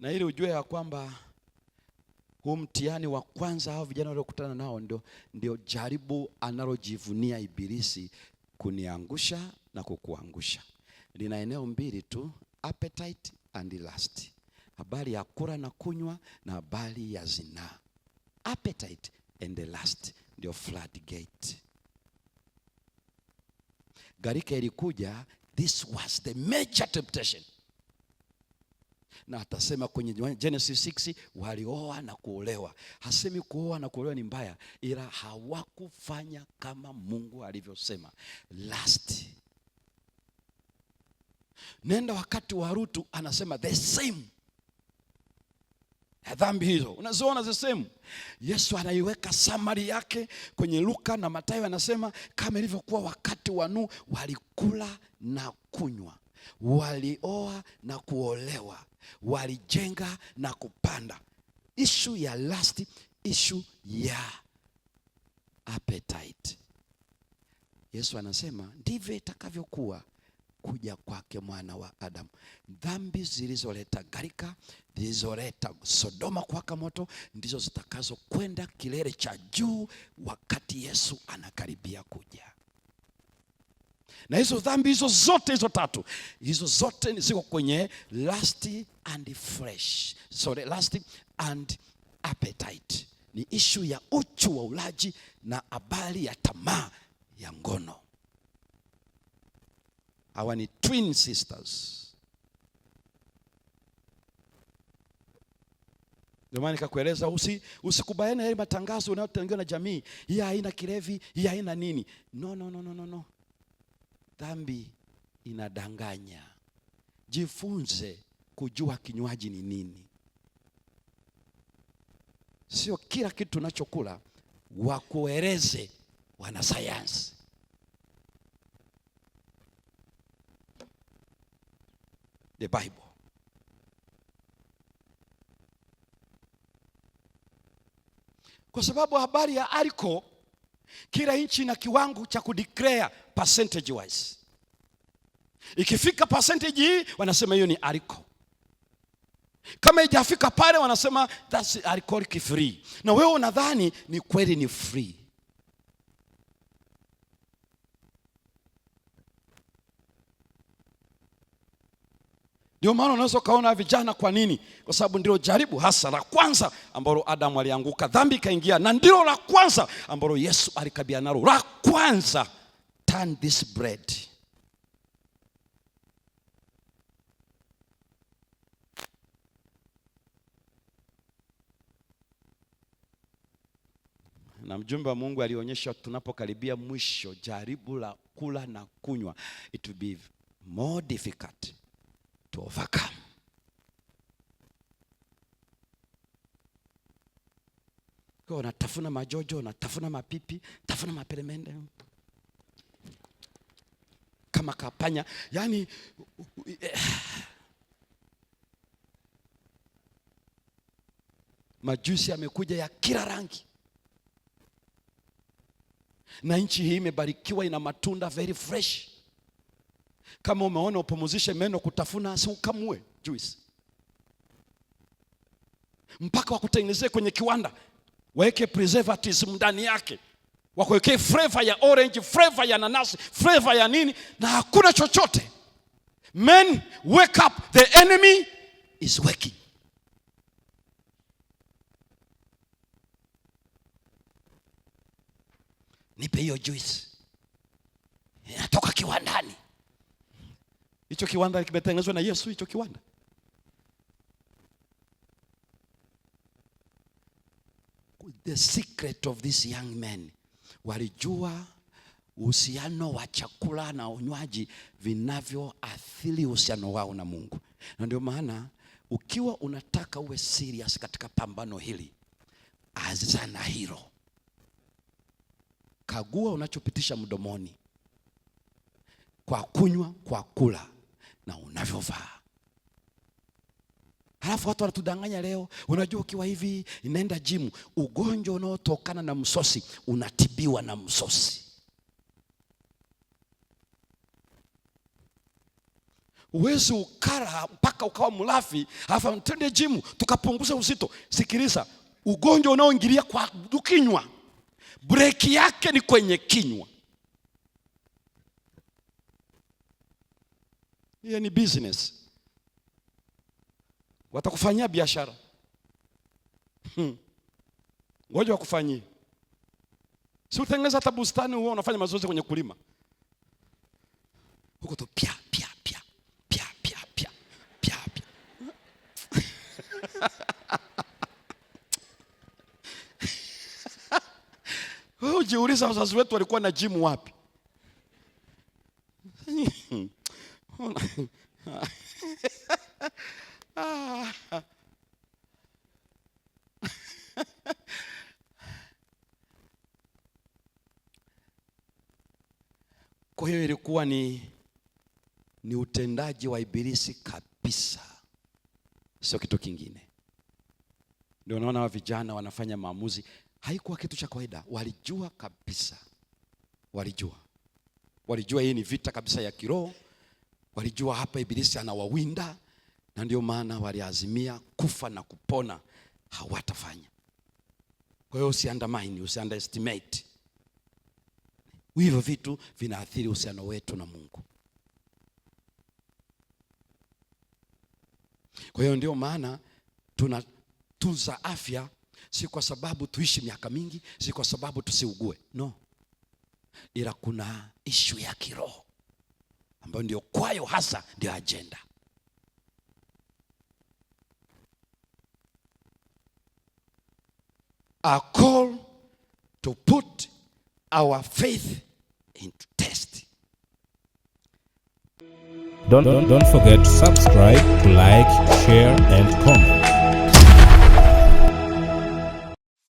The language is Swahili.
na ili ujue ya kwamba huu mtihani wa kwanza hao vijana waliokutana nao ndio, ndio jaribu analojivunia Ibilisi kuniangusha na kukuangusha. Lina eneo mbili tu, appetite and lust, habari ya kula na kunywa na habari ya zinaa. Appetite and lust ndio floodgate. Gharika ilikuja, this was the major temptation na atasema kwenye Genesis 6 walioa na kuolewa. Hasemi kuoa na kuolewa ni mbaya, ila hawakufanya kama Mungu alivyosema. Last nenda wakati wa Rutu anasema the same dhambi hizo unaziona the same. Yesu anaiweka samari yake kwenye Luka na Mathayo, anasema kama ilivyokuwa wakati wa Nuhu, walikula na kunywa, walioa na kuolewa walijenga na kupanda. Ishu ya last, ishu ya appetite. Yesu anasema ndivyo itakavyokuwa kuja kwake mwana wa Adamu. Dhambi zilizoleta gharika, zilizoleta Sodoma kuwaka moto, ndizo zitakazokwenda kilele cha juu wakati Yesu anakaribia kuja na hizo dhambi hizo zote hizo tatu hizo zote ziko kwenye lust and fresh Sorry, lust and appetite ni ishu ya uchu wa ulaji na habari ya tamaa ya ngono. Hawa ni twin sisters. Ndio maana usi usikubaliane yale matangazo unayotengiwa na jamii, hii haina kilevi, hii haina nini. No, no, no, no, no. Dhambi inadanganya. Jifunze kujua kinywaji ni nini. Sio kila kitu unachokula wakueleze wanasayansi. The Bible kwa sababu habari ya alcohol kila nchi na kiwango cha kudeclare percentage wise. Ikifika percentage hii wanasema hiyo ni aliko. Kama ijafika pale wanasema that's alcoholic free. Na wewe unadhani ni kweli ni free. Ndio maana unaweza ukaona vijana, kwa nini? Kwa sababu ndilo jaribu hasa la kwanza ambalo Adamu alianguka, dhambi ikaingia, na ndilo la kwanza ambalo Yesu alikabia nalo la kwanza, turn this bread na mjumbe wa Mungu alionyesha tunapokaribia mwisho, jaribu la kula na kunywa, it will be more difficult to overcome. Kwa unatafuna majojo, unatafuna mapipi, tafuna mapelemende kama kapanya, yani majusi yamekuja ya kila rangi, na nchi hii imebarikiwa, ina matunda very fresh. Kama umeona upumuzishe meno kutafuna, si ukamue juice mpaka wakutengenezee kwenye kiwanda, waweke preservatives ndani yake, wakuwekee flavor ya orange, flavor ya nanasi, flavor ya nini, na hakuna chochote. Men wake up, the enemy is working. Nipe hiyo juice, inatoka kiwandani. Hicho kiwanda kimetengenezwa na Yesu, hicho kiwanda. The secret of this young man, walijua uhusiano wa chakula na unywaji vinavyoathiri uhusiano wao na Mungu, na ndio maana ukiwa unataka uwe serious katika pambano hili, azana hilo, kagua unachopitisha mdomoni, kwa kunywa, kwa kula na unavyovaa. Halafu watu wanatudanganya leo, unajua ukiwa hivi inaenda jimu. Ugonjwa unaotokana na msosi unatibiwa na msosi. Uwezi ukara mpaka ukawa mlafi, halafu tende jimu tukapunguza uzito. Sikiliza, ugonjwa unaoingilia kwa kinywa, breki yake ni kwenye kinywa. hiyo ni business, watakufanyia biashara hmm. ngoja hmm. Wakufanyie si utengeneza hata bustani, huo unafanya mazoezi kwenye kulima huko tu pia pia pia pia pia pia pia pia wewe ujiuliza, wazazi wetu walikuwa na gym wapi? ni, ni utendaji wa Ibilisi kabisa, sio kitu kingine. Ndio unaona wa vijana wanafanya maamuzi, haikuwa kitu cha kawaida. Walijua kabisa, walijua, walijua hii ni vita kabisa ya kiroho, walijua hapa Ibilisi anawawinda, na ndio maana waliazimia kufa na kupona, hawatafanya. Kwa hiyo usiandamaini, usiunderestimate Hivyo vitu vinaathiri uhusiano wetu na Mungu. Kwa hiyo ndio maana tunatunza afya, si kwa sababu tuishi miaka mingi, si kwa sababu tusiugue, no, ila kuna ishu ya kiroho ambayo ndio kwayo hasa ndio ajenda. A call to put our faith into test. Don't, don't, don't forget to subscribe, like, share, and comment.